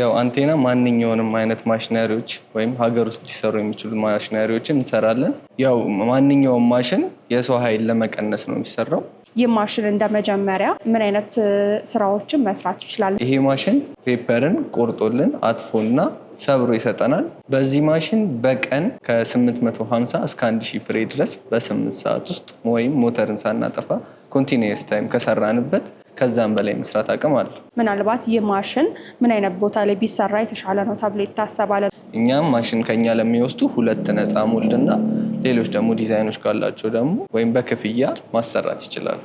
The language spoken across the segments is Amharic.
ያው አንቴና ማንኛውንም አይነት ማሽነሪዎች ወይም ሀገር ውስጥ ሊሰሩ የሚችሉ ማሽነሪዎችን እንሰራለን። ያው ማንኛውም ማሽን የሰው ኃይል ለመቀነስ ነው የሚሰራው። ይህ ማሽን እንደ መጀመሪያ ምን አይነት ስራዎችን መስራት ይችላል? ይሄ ማሽን ፔፐርን ቆርጦልን አጥፎና ሰብሮ ይሰጠናል። በዚህ ማሽን በቀን ከ850 እስከ 1000 ፍሬ ድረስ በ8 ሰዓት ውስጥ ወይም ሞተርን ሳናጠፋ ኮንቲኒየስ ታይም ከሰራንበት ከዛም በላይ መስራት አቅም አለ። ምናልባት ይህ ማሽን ምን አይነት ቦታ ላይ ቢሰራ የተሻለ ነው ተብሎ ይታሰባል? እኛም ማሽን ከኛ ለሚወስዱ ሁለት ነፃ ሞልድ ሌሎች ደግሞ ዲዛይኖች ካላቸው ደግሞ ወይም በክፍያ ማሰራት ይችላሉ።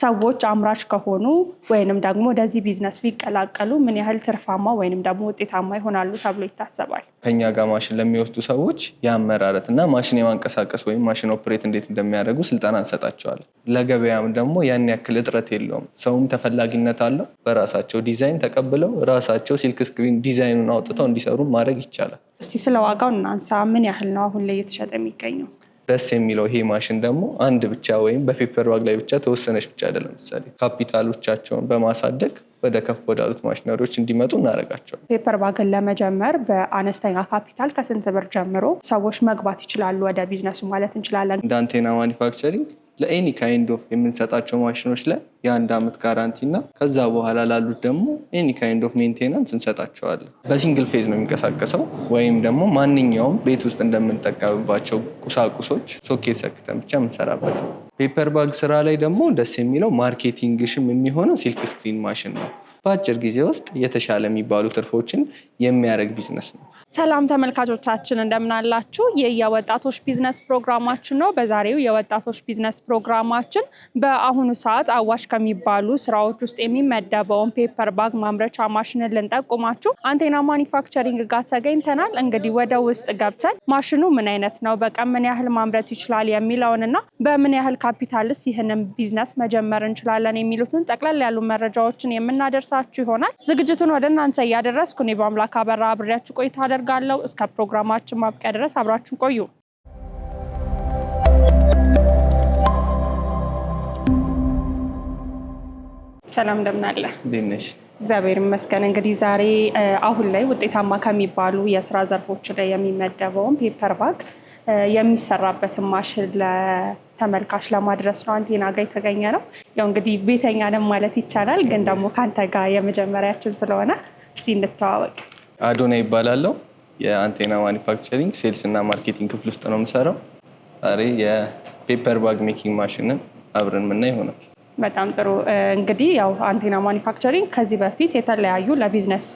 ሰዎች አምራች ከሆኑ ወይንም ደግሞ ወደዚህ ቢዝነስ ቢቀላቀሉ ምን ያህል ትርፋማ ወይንም ደግሞ ውጤታማ ይሆናሉ ተብሎ ይታሰባል? ከኛ ጋር ማሽን ለሚወስዱ ሰዎች የአመራረት እና ማሽን የማንቀሳቀስ ወይም ማሽን ኦፕሬት እንዴት እንደሚያደርጉ ስልጠና እንሰጣቸዋለን። ለገበያም ደግሞ ያን ያክል እጥረት የለውም። ሰውም ተፈላጊነት አለው። በራሳቸው ዲዛይን ተቀብለው ራሳቸው ሲልክ ስክሪን ዲዛይኑን አውጥተው እንዲሰሩ ማድረግ ይቻላል። እስቲ ስለ ዋጋው እናንሳ። ምን ያህል ነው አሁን ላይ እየተሸጠ የሚገኘው? ደስ የሚለው ይሄ ማሽን ደግሞ አንድ ብቻ ወይም በፔፐር ባግ ላይ ብቻ ተወሰነች ብቻ አይደለም። ምሳሌ ካፒታሎቻቸውን በማሳደግ ወደ ከፍ ወዳሉት ማሽነሪዎች እንዲመጡ እናደርጋቸዋለን። ፔፐር ባግን ለመጀመር በአነስተኛ ካፒታል ከስንት ብር ጀምሮ ሰዎች መግባት ይችላሉ ወደ ቢዝነሱ ማለት እንችላለን? እንደ አንቴና ማኒፋክቸሪንግ ለኤኒ ካይንድ ኦፍ የምንሰጣቸው ማሽኖች ላይ የአንድ ዓመት ጋራንቲ እና ከዛ በኋላ ላሉት ደግሞ ኤኒ ካይንድ ኦፍ ሜንቴናንስ እንሰጣቸዋለን። በሲንግል ፌዝ ነው የሚንቀሳቀሰው ወይም ደግሞ ማንኛውም ቤት ውስጥ እንደምንጠቀምባቸው ቁሳቁሶች ሶኬት ሰክተን ብቻ የምንሰራበት ነው። ፔፐር ባግ ስራ ላይ ደግሞ ደስ የሚለው ማርኬቲንግ ሽም የሚሆነው ሲልክ ስክሪን ማሽን ነው። በአጭር ጊዜ ውስጥ የተሻለ የሚባሉ ትርፎችን የሚያደርግ ቢዝነስ ነው። ሰላም ተመልካቾቻችን እንደምናላችሁ። ይህ የወጣቶች ቢዝነስ ፕሮግራማችን ነው። በዛሬው የወጣቶች ቢዝነስ ፕሮግራማችን በአሁኑ ሰዓት አዋሽ ከሚባሉ ስራዎች ውስጥ የሚመደበውን ፔፐር ባግ ማምረቻ ማሽንን ልንጠቁማችሁ አንቴና ማኒፋክቸሪንግ ጋር ተገኝተናል። እንግዲህ ወደ ውስጥ ገብተን ማሽኑ ምን አይነት ነው፣ በቀን ምን ያህል ማምረት ይችላል የሚለውን እና በምን ያህል ካፒታልስ ይህንን ቢዝነስ መጀመር እንችላለን የሚሉትን ጠቅላላ ያሉ መረጃዎችን የምናደርሳችሁ ይሆናል። ዝግጅቱን ወደ እናንተ እያደረስኩ እኔ በአምላክ አበራ አብሬያችሁ ቆይታ አደርጋለሁ። እስከ ፕሮግራማችን ማብቂያ ድረስ አብራችን ቆዩ። ሰላም እንደምናለ ነሽ? እግዚአብሔር ይመስገን። እንግዲህ ዛሬ አሁን ላይ ውጤታማ ከሚባሉ የስራ ዘርፎች ላይ የሚመደበውን ፔፐር ባግ የሚሰራበትን ማሽን ለተመልካች ለማድረስ ነው አንቴና ጋር የተገኘ ነው። ያው እንግዲህ ቤተኛ ነን ማለት ይቻላል፣ ግን ደግሞ ከአንተ ጋር የመጀመሪያችን ስለሆነ እስቲ እንተዋወቅ። አዶና ይባላለው። የአንቴና ማኒፋክቸሪንግ ሴልስ እና ማርኬቲንግ ክፍል ውስጥ ነው የምሰራው። ዛሬ የፔፐር ባግ ሜኪንግ ማሽንን አብረን ምና ይሆናል። በጣም ጥሩ እንግዲህ ያው አንቴና ማኒፋክቸሪንግ ከዚህ በፊት የተለያዩ ለቢዝነስ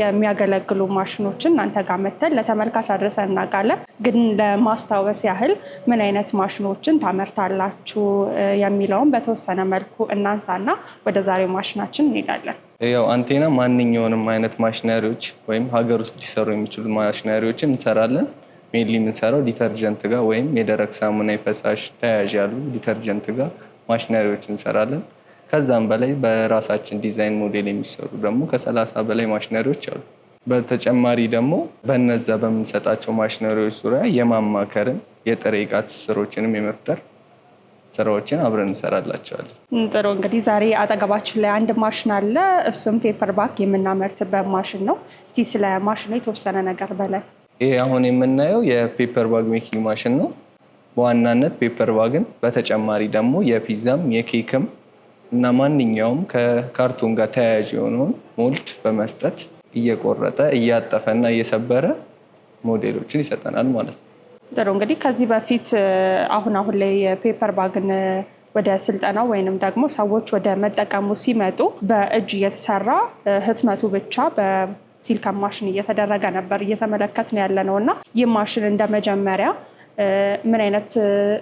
የሚያገለግሉ ማሽኖችን እናንተ ጋር መተን ለተመልካች አድርሰን እናውቃለን። ግን ለማስታወስ ያህል ምን አይነት ማሽኖችን ታመርታላችሁ የሚለውን በተወሰነ መልኩ እናንሳና ወደ ዛሬው ማሽናችን እንሄዳለን። ያው አንቴና ማንኛውንም አይነት ማሽነሪዎች ወይም ሀገር ውስጥ ሊሰሩ የሚችሉ ማሽነሪዎችን እንሰራለን። ሜንሊ የምንሰራው ዲተርጀንት ጋር ወይም የደረቅ ሳሙና የፈሳሽ ተያያዥ ያሉ ዲተርጀንት ጋር ማሽነሪዎች እንሰራለን። ከዛም በላይ በራሳችን ዲዛይን ሞዴል የሚሰሩ ደግሞ ከሰላሳ በላይ ማሽነሪዎች አሉ። በተጨማሪ ደግሞ በነዛ በምንሰጣቸው ማሽነሪዎች ዙሪያ የማማከርን የጥሬ ዕቃ ትስስሮችንም የመፍጠር ስራዎችን አብረን እንሰራላቸዋለን። ጥሩ እንግዲህ ዛሬ አጠገባችን ላይ አንድ ማሽን አለ። እሱም ፔፐር ባክ የምናመርትበት ማሽን ነው። እስቲ ስለ ማሽኑ የተወሰነ ነገር በላይ። ይሄ አሁን የምናየው የፔፐር ባግ ሜኪንግ ማሽን ነው። በዋናነት ፔፐር ዋግን በተጨማሪ ደግሞ የፒዛም የኬክም እና ማንኛውም ከካርቱን ጋር ተያያዥ የሆነውን ሞልድ በመስጠት እየቆረጠ እያጠፈና እየሰበረ ሞዴሎችን ይሰጠናል ማለት ነው። ጥሩ እንግዲህ ከዚህ በፊት አሁን አሁን ላይ የፔፐር ባግን ወደ ስልጠና ወይንም ደግሞ ሰዎች ወደ መጠቀሙ ሲመጡ በእጅ እየተሰራ ህትመቱ ብቻ በሲልካ ማሽን እየተደረገ ነበር እየተመለከት ነው ያለ ነው እና ይህ ማሽን እንደ መጀመሪያ ምን አይነት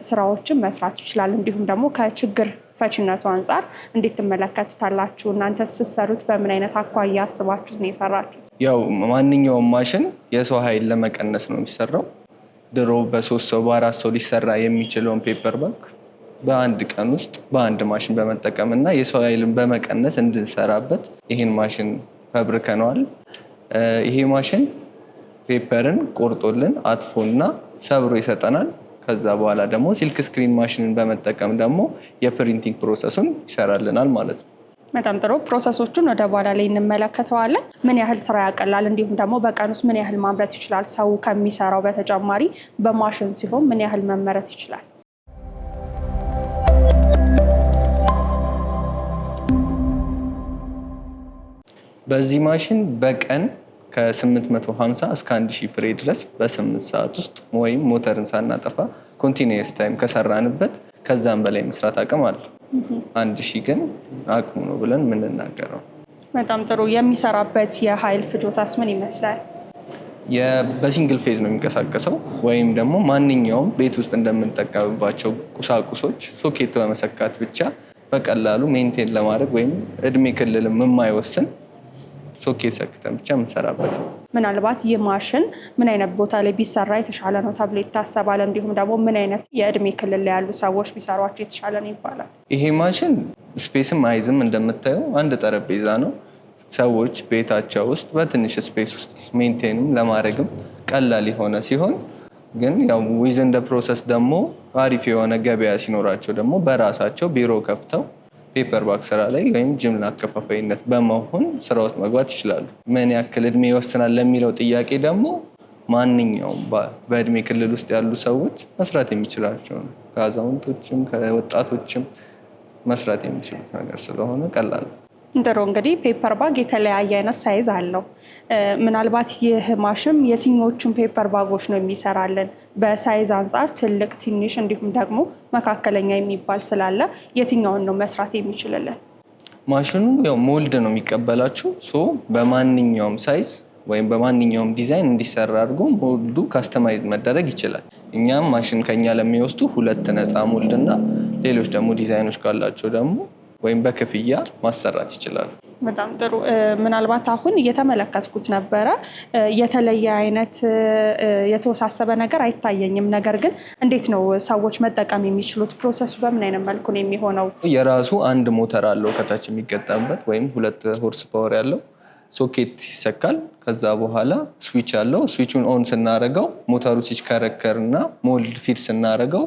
ስራዎችን መስራት ይችላል፣ እንዲሁም ደግሞ ከችግር ፈችነቱ አንጻር እንዴት ትመለከቱታላችሁ? እናንተ ስትሰሩት በምን አይነት አኳያ አስባችሁት ነው የሰራችሁት? ያው ማንኛውም ማሽን የሰው ኃይል ለመቀነስ ነው የሚሰራው። ድሮ በሶስት ሰው በአራት ሰው ሊሰራ የሚችለውን ፔፐር ባክ በአንድ ቀን ውስጥ በአንድ ማሽን በመጠቀም እና የሰው ኃይልን በመቀነስ እንድንሰራበት ይህን ማሽን ፈብርከነዋል። ይሄ ማሽን ፔፐርን ቆርጦልን አጥፎና ሰብሮ ይሰጠናል። ከዛ በኋላ ደግሞ ሲልክ ስክሪን ማሽንን በመጠቀም ደግሞ የፕሪንቲንግ ፕሮሰሱን ይሰራልናል ማለት ነው። በጣም ጥሩ። ፕሮሰሶቹን ወደ በኋላ ላይ እንመለከተዋለን። ምን ያህል ስራ ያቀላል፣ እንዲሁም ደግሞ በቀን ውስጥ ምን ያህል ማምረት ይችላል ሰው ከሚሰራው በተጨማሪ በማሽን ሲሆን ምን ያህል መመረት ይችላል? በዚህ ማሽን በቀን ከ850 እስከ 1000 ፍሬ ድረስ በ8 ሰዓት ውስጥ ወይም ሞተርን ሳናጠፋ ኮንቲኒየስ ታይም ከሰራንበት ከዛም በላይ መስራት አቅም አለ። አንድ ሺህ ግን አቅሙ ነው ብለን የምንናገረው። በጣም ጥሩ። የሚሰራበት የኃይል ፍጆታስ ምን ይመስላል? በሲንግል ፌዝ ነው የሚንቀሳቀሰው ወይም ደግሞ ማንኛውም ቤት ውስጥ እንደምንጠቀምባቸው ቁሳቁሶች ሶኬት በመሰካት ብቻ በቀላሉ ሜንቴን ለማድረግ ወይም እድሜ ክልልም የማይወስን ሶኬት ሰክተን ብቻ የምንሰራበት። ምናልባት ይህ ማሽን ምን አይነት ቦታ ላይ ቢሰራ የተሻለ ነው ተብሎ ይታሰባል? እንዲሁም ደግሞ ምን አይነት የእድሜ ክልል ላይ ያሉ ሰዎች ቢሰሯቸው የተሻለ ነው ይባላል? ይሄ ማሽን ስፔስም አይዝም። እንደምታየው አንድ ጠረጴዛ ነው። ሰዎች ቤታቸው ውስጥ በትንሽ ስፔስ ውስጥ ሜንቴንም ለማድረግም ቀላል የሆነ ሲሆን ግን ያው ዊዝ እንደ ፕሮሰስ ደግሞ አሪፍ የሆነ ገበያ ሲኖራቸው ደግሞ በራሳቸው ቢሮ ከፍተው ፔፐር ባክ ስራ ላይ ወይም ጅምላ አከፋፋይነት በመሆን ስራ ውስጥ መግባት ይችላሉ። ምን ያክል እድሜ ይወስናል ለሚለው ጥያቄ ደግሞ ማንኛውም በእድሜ ክልል ውስጥ ያሉ ሰዎች መስራት የሚችላቸው ነው። ከአዛውንቶችም ከወጣቶችም መስራት የሚችሉት ነገር ስለሆነ ቀላል እንደሮ እንግዲህ ፔፐር ባግ የተለያየ አይነት ሳይዝ አለው። ምናልባት ይህ ማሽን የትኞቹን ፔፐር ባጎች ነው የሚሰራልን በሳይዝ አንጻር ትልቅ፣ ትንሽ እንዲሁም ደግሞ መካከለኛ የሚባል ስላለ የትኛውን ነው መስራት የሚችልልን? ማሽኑ ያው ሞልድ ነው የሚቀበላችሁ። በማንኛውም ሳይዝ ወይም በማንኛውም ዲዛይን እንዲሰራ አድርጎ ሞልዱ ካስተማይዝ መደረግ ይችላል። እኛም ማሽን ከኛ ለሚወስዱ ሁለት ነፃ ሞልድ እና ሌሎች ደግሞ ዲዛይኖች ካላቸው ደግሞ ወይም በክፍያ ማሰራት ይችላሉ። በጣም ጥሩ። ምናልባት አሁን እየተመለከትኩት ነበረ የተለየ አይነት የተወሳሰበ ነገር አይታየኝም። ነገር ግን እንዴት ነው ሰዎች መጠቀም የሚችሉት? ፕሮሰሱ በምን አይነት መልኩ ነው የሚሆነው? የራሱ አንድ ሞተር አለው ከታች የሚገጠምበት ወይም ሁለት ሆርስ ፓወር ያለው ሶኬት ይሰካል። ከዛ በኋላ ስዊች አለው። ስዊቹን ኦን ስናደርገው ሞተሩ ሲሽከረከር እና ሞልድ ፊድ ስናደርገው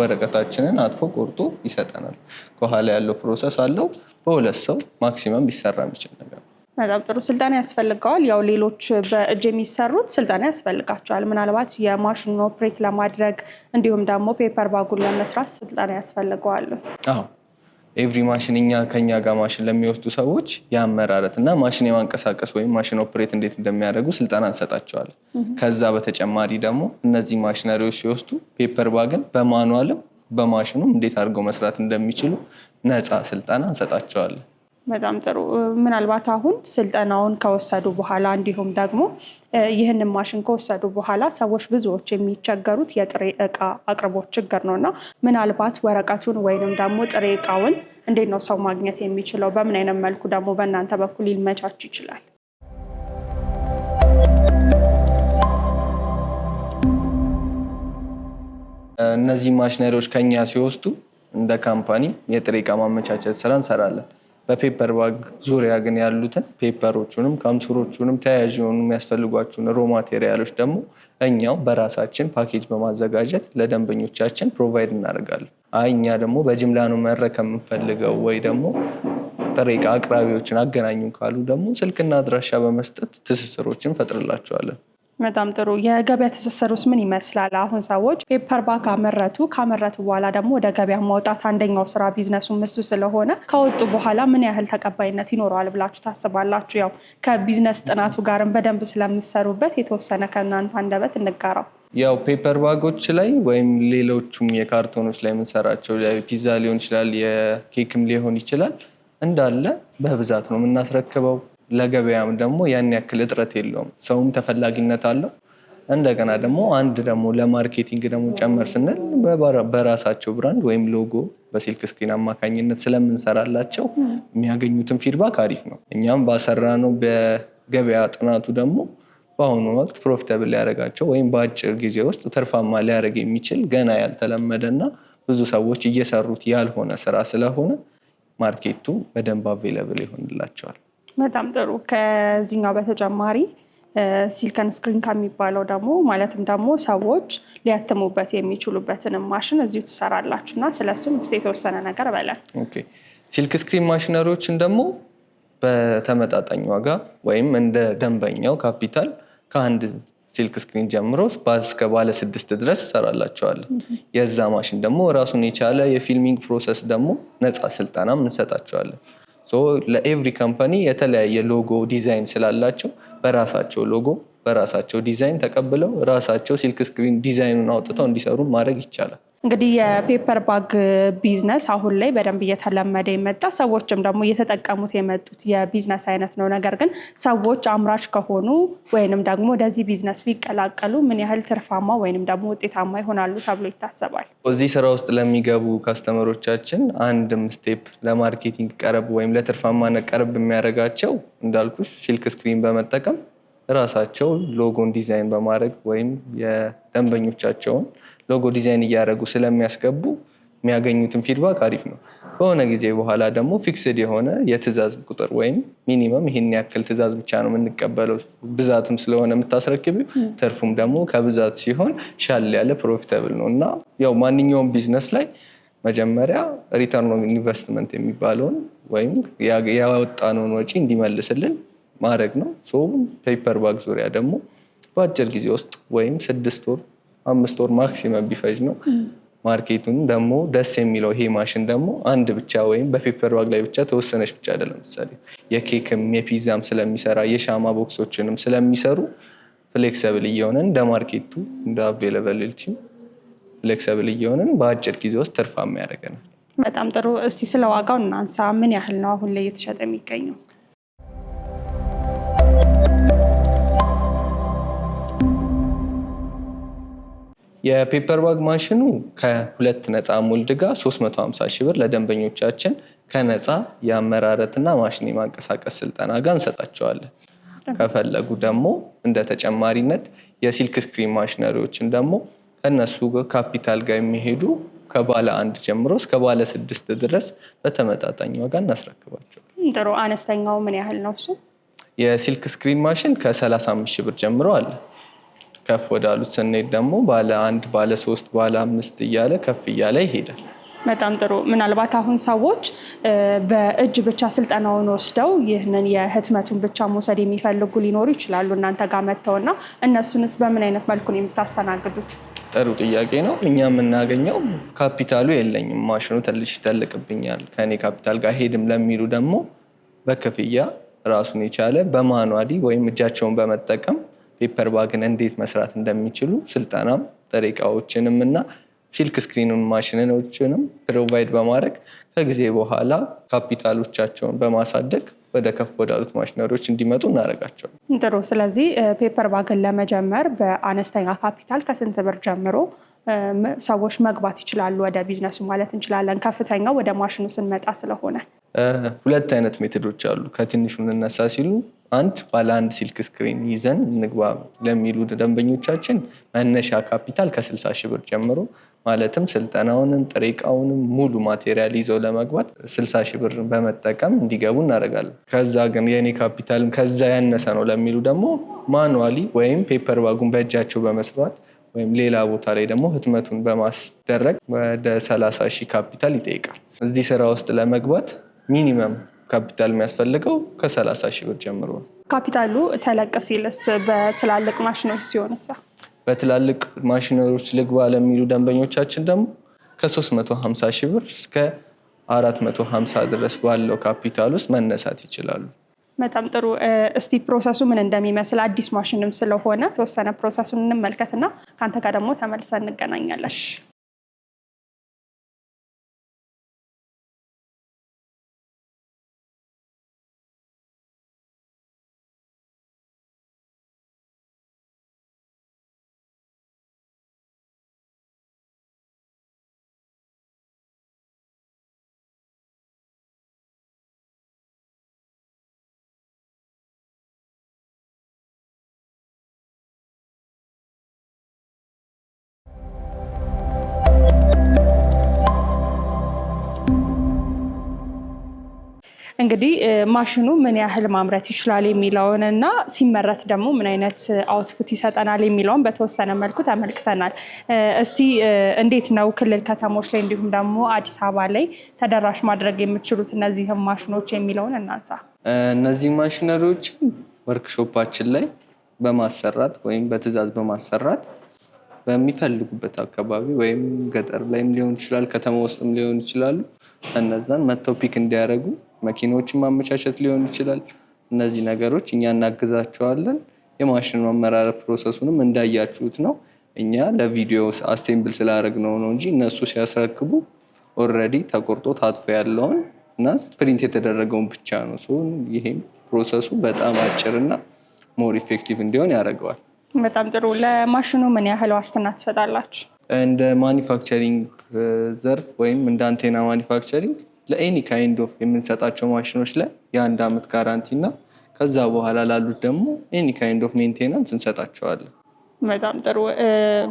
ወረቀታችንን አጥፎ ቆርጦ ይሰጠናል። ከኋላ ያለው ፕሮሰስ አለው። በሁለት ሰው ማክሲመም ሊሰራ የሚችል ነገር ነው። በጣም ጥሩ ስልጠና ያስፈልገዋል። ያው ሌሎች በእጅ የሚሰሩት ስልጠና ያስፈልጋቸዋል። ምናልባት የማሽኑን ኦፕሬት ለማድረግ እንዲሁም ደግሞ ፔፐር ባጉን ለመስራት ስልጠና ያስፈልገዋል። ኤቭሪ ማሽን እኛ ከኛ ጋር ማሽን ለሚወስዱ ሰዎች የአመራረት እና ማሽን የማንቀሳቀስ ወይም ማሽን ኦፕሬት እንዴት እንደሚያደርጉ ስልጠና እንሰጣቸዋለን። ከዛ በተጨማሪ ደግሞ እነዚህ ማሽነሪዎች ሲወስዱ ፔፐር ባግን በማኑዋልም በማሽኑም እንዴት አድርገው መስራት እንደሚችሉ ነፃ ስልጠና እንሰጣቸዋለን። በጣም ጥሩ። ምናልባት አሁን ስልጠናውን ከወሰዱ በኋላ እንዲሁም ደግሞ ይህንን ማሽን ከወሰዱ በኋላ ሰዎች ብዙዎች የሚቸገሩት የጥሬ እቃ አቅርቦት ችግር ነው እና ምናልባት ወረቀቱን ወይንም ደግሞ ጥሬ እቃውን እንዴት ነው ሰው ማግኘት የሚችለው? በምን አይነት መልኩ ደግሞ በእናንተ በኩል ሊመቻች ይችላል? እነዚህ ማሽነሪዎች ከኛ ሲወስዱ እንደ ካምፓኒ የጥሬ እቃ ማመቻቸት ስራ እንሰራለን። በፔፐር ባግ ዙሪያ ግን ያሉትን ፔፐሮቹንም ካምሱሮቹንም ተያያዥ የሆኑ የሚያስፈልጓቸውን ሮ ማቴሪያሎች ደግሞ እኛው በራሳችን ፓኬጅ በማዘጋጀት ለደንበኞቻችን ፕሮቫይድ እናደርጋለን። አይ እኛ ደግሞ በጅምላ ነው መረከም የምንፈልገው ወይ ደግሞ ጥሬ ዕቃ አቅራቢዎችን አገናኙ ካሉ ደግሞ ስልክና አድራሻ በመስጠት ትስስሮችን ፈጥርላቸዋለን። በጣም ጥሩ። የገበያ ትስስሩስ ምን ይመስላል? አሁን ሰዎች ፔፐር ባግ አመረቱ። ካመረቱ በኋላ ደግሞ ወደ ገበያ ማውጣት አንደኛው ስራ ቢዝነሱ እሱ ስለሆነ ከወጡ በኋላ ምን ያህል ተቀባይነት ይኖረዋል ብላችሁ ታስባላችሁ? ያው ከቢዝነስ ጥናቱ ጋርም በደንብ ስለምሰሩበት የተወሰነ ከእናንተ አንደበት እንጋራው። ያው ፔፐር ባጎች ላይ ወይም ሌሎቹም የካርቶኖች ላይ የምንሰራቸው ፒዛ ሊሆን ይችላል፣ የኬክም ሊሆን ይችላል፣ እንዳለ በብዛት ነው የምናስረክበው ለገበያም ደግሞ ያን ያክል እጥረት የለውም። ሰውም ተፈላጊነት አለው። እንደገና ደግሞ አንድ ደግሞ ለማርኬቲንግ ደግሞ ጨመር ስንል በራሳቸው ብራንድ ወይም ሎጎ በሲልክ ስክሪን አማካኝነት ስለምንሰራላቸው የሚያገኙትን ፊድባክ አሪፍ ነው። እኛም ባሰራነው በገበያ ጥናቱ ደግሞ በአሁኑ ወቅት ፕሮፊታብል ሊያደርጋቸው ወይም በአጭር ጊዜ ውስጥ ትርፋማ ሊያደርግ የሚችል ገና ያልተለመደ እና ብዙ ሰዎች እየሰሩት ያልሆነ ስራ ስለሆነ ማርኬቱ በደንብ አቬለብል ይሆንላቸዋል። በጣም ጥሩ። ከዚህኛው በተጨማሪ ሲልከን ስክሪን ከሚባለው ደግሞ ማለትም ደግሞ ሰዎች ሊያትሙበት የሚችሉበትን ማሽን እዚሁ ትሰራላችሁ እና ስለሱም ስ የተወሰነ ነገር በለን። ሲልክ ስክሪን ማሽነሪዎችን ደግሞ በተመጣጣኝ ዋጋ ወይም እንደ ደንበኛው ካፒታል ከአንድ ሲልክ ስክሪን ጀምሮ እስከ ባለ ስድስት ድረስ እሰራላቸዋለን። የዛ ማሽን ደግሞ ራሱን የቻለ የፊልሚንግ ፕሮሰስ ደግሞ ነፃ ስልጠናም እንሰጣቸዋለን። ለኤቭሪ ካምፓኒ የተለያየ ሎጎ ዲዛይን ስላላቸው በራሳቸው ሎጎ በራሳቸው ዲዛይን ተቀብለው ራሳቸው ሲልክ ስክሪን ዲዛይኑን አውጥተው እንዲሰሩ ማድረግ ይቻላል። እንግዲህ የፔፐር ባግ ቢዝነስ አሁን ላይ በደንብ እየተለመደ የመጣ ሰዎችም ደግሞ እየተጠቀሙት የመጡት የቢዝነስ አይነት ነው። ነገር ግን ሰዎች አምራች ከሆኑ ወይንም ደግሞ ወደዚህ ቢዝነስ ቢቀላቀሉ ምን ያህል ትርፋማ ወይንም ደግሞ ውጤታማ ይሆናሉ ተብሎ ይታሰባል? እዚህ ስራ ውስጥ ለሚገቡ ካስተመሮቻችን አንድም ስቴፕ ለማርኬቲንግ ቀረብ ወይም ለትርፋማነት ቀረብ የሚያደርጋቸው እንዳልኩ ሲልክ ስክሪን በመጠቀም ራሳቸው ሎጎን ዲዛይን በማድረግ ወይም የደንበኞቻቸውን ሎጎ ዲዛይን እያደረጉ ስለሚያስገቡ የሚያገኙትን ፊድባክ አሪፍ ነው። ከሆነ ጊዜ በኋላ ደግሞ ፊክስድ የሆነ የትዕዛዝ ቁጥር ወይም ሚኒመም ይህን ያክል ትዕዛዝ ብቻ ነው የምንቀበለው። ብዛትም ስለሆነ የምታስረክብ ትርፉም ደግሞ ከብዛት ሲሆን ሻል ያለ ፕሮፊታብል ነው እና ያው ማንኛውም ቢዝነስ ላይ መጀመሪያ ሪተርን ኦን ኢንቨስትመንት የሚባለውን ወይም ያወጣነውን ወጪ እንዲመልስልን ማድረግ ነው። ሶ ፔፐር ባግ ዙሪያ ደግሞ በአጭር ጊዜ ውስጥ ወይም ስድስት ወር አምስት ወር ማክሲመም ቢፈጅ ነው። ማርኬቱን ደግሞ ደስ የሚለው ይሄ ማሽን ደግሞ አንድ ብቻ ወይም በፔፐር ባግ ላይ ብቻ ተወሰነች ብቻ አይደለም። ምሳሌ የኬክም የፒዛም ስለሚሰራ የሻማ ቦክሶችንም ስለሚሰሩ ፍሌክሰብል እየሆነን እንደ ማርኬቱ እንደ ፍሌክሰብል እየሆነን በአጭር ጊዜ ውስጥ ትርፋማ ያደርገናል። በጣም ጥሩ። እስቲ ስለ ዋጋው እናንሳ። ምን ያህል ነው አሁን ላይ እየተሸጠ የሚገኘው? የፔፐርባግ ማሽኑ ከሁለት ነፃ ሞልድ ጋር 350 ሺህ ብር ለደንበኞቻችን ከነፃ የአመራረትና ማሽን የማንቀሳቀስ ስልጠና ጋር እንሰጣቸዋለን። ከፈለጉ ደግሞ እንደ ተጨማሪነት የሲልክ ስክሪን ማሽነሪዎችን ደግሞ ከእነሱ ካፒታል ጋር የሚሄዱ ከባለ አንድ ጀምሮ እስከ ባለ ስድስት ድረስ በተመጣጣኝ ዋጋ እናስረክባቸዋል። ጥሩ። አነስተኛው ምን ያህል ነው እሱ? የሲልክ ስክሪን ማሽን ከ35 ሺህ ብር ጀምሮ አለ። ከፍ ወዳሉት ስንሄድ ደግሞ ባለ አንድ፣ ባለ ሶስት፣ ባለ አምስት እያለ ከፍ እያለ ይሄዳል። በጣም ጥሩ። ምናልባት አሁን ሰዎች በእጅ ብቻ ስልጠናውን ወስደው ይህንን የህትመቱን ብቻ መውሰድ የሚፈልጉ ሊኖሩ ይችላሉ እናንተ ጋር መጥተው እና እነሱንስ በምን አይነት መልኩ ነው የምታስተናግዱት? ጥሩ ጥያቄ ነው። እኛ የምናገኘው ካፒታሉ የለኝም ማሽኑ ትልሽ ይተልቅብኛል ከኔ ካፒታል ጋር ሄድም ለሚሉ ደግሞ በክፍያ ራሱን የቻለ በማኗዲ ወይም እጃቸውን በመጠቀም ፔፐር ባግን እንዴት መስራት እንደሚችሉ ስልጠናም ጠሪቃዎችንም እና ሲልክ ስክሪን ማሽኖችንም ፕሮቫይድ በማድረግ ከጊዜ በኋላ ካፒታሎቻቸውን በማሳደግ ወደ ከፍ ወዳሉት ማሽነሪዎች እንዲመጡ እናደርጋቸዋለን። ጥሩ። ስለዚህ ፔፐር ባግን ለመጀመር በአነስተኛ ካፒታል ከስንት ብር ጀምሮ ሰዎች መግባት ይችላሉ ወደ ቢዝነሱ ማለት እንችላለን? ከፍተኛው ወደ ማሽኑ ስንመጣ ስለሆነ ሁለት አይነት ሜቶዶች አሉ። ከትንሹ እንነሳ ሲሉ አንድ ባለ አንድ ሲልክ ስክሪን ይዘን ንግባ ለሚሉ ደንበኞቻችን መነሻ ካፒታል ከ60 ሺህ ብር ጀምሮ ማለትም ስልጠናውንም ጥሬ እቃውንም ሙሉ ማቴሪያል ይዘው ለመግባት 60 ሺህ ብር በመጠቀም እንዲገቡ እናደርጋለን። ከዛ ግን የእኔ ካፒታልም ከዛ ያነሰ ነው ለሚሉ ደግሞ ማኑዋሊ ወይም ፔፐር ባጉን በእጃቸው በመስራት ወይም ሌላ ቦታ ላይ ደግሞ ህትመቱን በማስደረግ ወደ 30 ሺህ ካፒታል ይጠይቃል። እዚህ ስራ ውስጥ ለመግባት ሚኒመም ካፒታል የሚያስፈልገው ከሰላሳ ሺህ ብር ጀምሮ ነው። ካፒታሉ ተለቅ ሲልስ በትላልቅ ማሽኖች ሲሆን ሳ በትላልቅ ማሽኖች ልግባ ለሚሉ ደንበኞቻችን ደግሞ ከ350 ሺህ ብር እስከ 450 ድረስ ባለው ካፒታል ውስጥ መነሳት ይችላሉ። በጣም ጥሩ። እስቲ ፕሮሰሱ ምን እንደሚመስል አዲስ ማሽንም ስለሆነ ተወሰነ ፕሮሰሱን እንመልከትና ከአንተ ጋር ደግሞ ተመልሰን እንገናኛለን። እንግዲህ ማሽኑ ምን ያህል ማምረት ይችላል የሚለውን እና ሲመረት ደግሞ ምን አይነት አውትፑት ይሰጠናል የሚለውን በተወሰነ መልኩ ተመልክተናል። እስቲ እንዴት ነው ክልል ከተሞች ላይ እንዲሁም ደግሞ አዲስ አበባ ላይ ተደራሽ ማድረግ የምችሉት እነዚህም ማሽኖች የሚለውን እናንሳ። እነዚህ ማሽነሪዎች ወርክሾፓችን ላይ በማሰራት ወይም በትዕዛዝ በማሰራት በሚፈልጉበት አካባቢ ወይም ገጠር ላይም ሊሆን ይችላል፣ ከተማ ውስጥም ሊሆን ይችላሉ። እነዛን መጥተው ፒክ እንዲያደርጉ መኪኖችን ማመቻቸት ሊሆን ይችላል። እነዚህ ነገሮች እኛ እናግዛቸዋለን። የማሽን አመራረት ፕሮሰሱንም እንዳያችሁት ነው። እኛ ለቪዲዮ አስቴምብል ስላደረግነው ነው እንጂ እነሱ ሲያስረክቡ ኦልሬዲ ተቆርጦ ታጥፎ ያለውን እና ፕሪንት የተደረገውን ብቻ ነው ሲሆን ይሄም ፕሮሰሱ በጣም አጭርና ሞር ኢፌክቲቭ እንዲሆን ያደርገዋል። በጣም ጥሩ። ለማሽኑ ምን ያህል ዋስትና ትሰጣላችሁ? እንደ ማኒፋክቸሪንግ ዘርፍ ወይም እንደ አንቴና ማኒፋክቸሪንግ ለኤኒ ካይንድ ኦፍ የምንሰጣቸው ማሽኖች ላይ የአንድ ዓመት ጋራንቲ እና ከዛ በኋላ ላሉት ደግሞ ኤኒ ካይንድ ኦፍ ሜንቴናንስ እንሰጣቸዋለን። በጣም ጥሩ።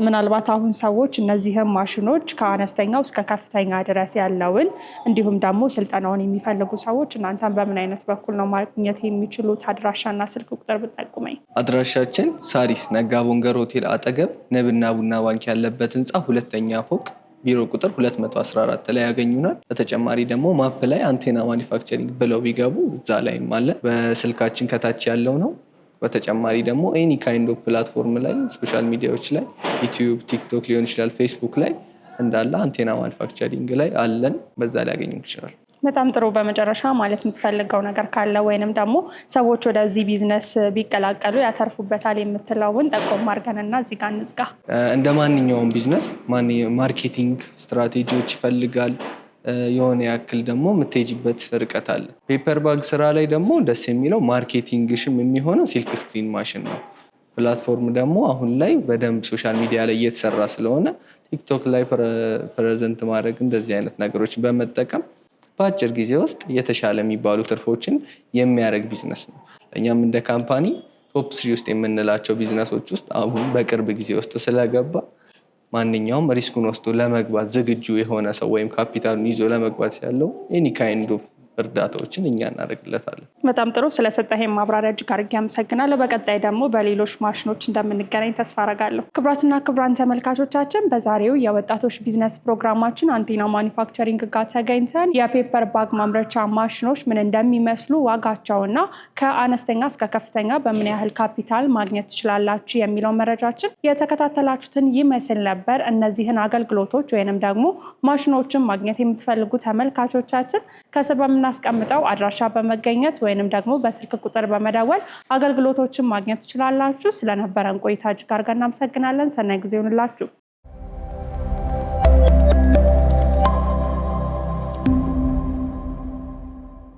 ምናልባት አሁን ሰዎች እነዚህም ማሽኖች ከአነስተኛው እስከ ከፍተኛ ድረስ ያለውን እንዲሁም ደግሞ ስልጠናውን የሚፈልጉ ሰዎች እናንተን በምን አይነት በኩል ነው ማግኘት የሚችሉት? አድራሻና ስልክ ቁጥር ብጠቁመኝ። አድራሻችን ሳሪስ ነጋ ቦንገር ሆቴል አጠገብ ንብና ቡና ባንክ ያለበት ህንፃ ሁለተኛ ፎቅ ቢሮ ቁጥር 214 ላይ ያገኙናል። በተጨማሪ ደግሞ ማፕ ላይ አንቴና ማኒፋክቸሪንግ ብለው ቢገቡ እዛ ላይም አለ። በስልካችን ከታች ያለው ነው። በተጨማሪ ደግሞ ኤኒ ካይንዶ ፕላትፎርም ላይ ሶሻል ሚዲያዎች ላይ ዩቲዩብ፣ ቲክቶክ ሊሆን ይችላል፣ ፌስቡክ ላይ እንዳለ አንቴና ማኒፋክቸሪንግ ላይ አለን። በዛ ሊያገኙ ይችላል። በጣም ጥሩ። በመጨረሻ ማለት የምትፈልገው ነገር ካለ ወይንም ደግሞ ሰዎች ወደዚህ ቢዝነስ ቢቀላቀሉ ያተርፉበታል የምትለውን ጠቆም አድርገንና እዚህ ጋር እንዝጋ። እንደ ማንኛውም ቢዝነስ ማርኬቲንግ ስትራቴጂዎች ይፈልጋል። የሆነ ያክል ደግሞ የምትጅበት ርቀት አለ። ፔፐር ባግ ስራ ላይ ደግሞ ደስ የሚለው ማርኬቲንግሽም የሚሆነው ሲልክ ስክሪን ማሽን ነው። ፕላትፎርም ደግሞ አሁን ላይ በደንብ ሶሻል ሚዲያ ላይ እየተሰራ ስለሆነ ቲክቶክ ላይ ፕሬዘንት ማድረግ እንደዚህ አይነት ነገሮች በመጠቀም በአጭር ጊዜ ውስጥ የተሻለ የሚባሉ ትርፎችን የሚያደርግ ቢዝነስ ነው። እኛም እንደ ካምፓኒ ቶፕ ስሪ ውስጥ የምንላቸው ቢዝነሶች ውስጥ አሁን በቅርብ ጊዜ ውስጥ ስለገባ ማንኛውም ሪስኩን ወስዶ ለመግባት ዝግጁ የሆነ ሰው ወይም ካፒታሉን ይዞ ለመግባት ያለው ኤኒ ካይንድ ኦፍ እርዳታዎችን እኛ እናደርግለታለን። በጣም ጥሩ። ስለሰጠህ ማብራሪያ እጅግ አድርጌ አመሰግናለሁ። በቀጣይ ደግሞ በሌሎች ማሽኖች እንደምንገናኝ ተስፋ አረጋለሁ። ክቡራትና ክቡራን ተመልካቾቻችን በዛሬው የወጣቶች ቢዝነስ ፕሮግራማችን አንቴና ማኒፋክቸሪንግ ጋር ተገኝተን የፔፐር ባግ ማምረቻ ማሽኖች ምን እንደሚመስሉ ዋጋቸውና ከአነስተኛ እስከ ከፍተኛ በምን ያህል ካፒታል ማግኘት ትችላላችሁ የሚለው መረጃችን የተከታተላችሁትን ይመስል ነበር። እነዚህን አገልግሎቶች ወይንም ደግሞ ማሽኖችን ማግኘት የምትፈልጉ ተመልካቾቻችን ከስር በምናስቀምጠው አድራሻ በመገኘት ወይንም ደግሞ በስልክ ቁጥር በመደወል አገልግሎቶችን ማግኘት ትችላላችሁ። ስለነበረን ቆይታ እጅግ አድርገን እናመሰግናለን። ሰናይ ጊዜ ይሁንላችሁ።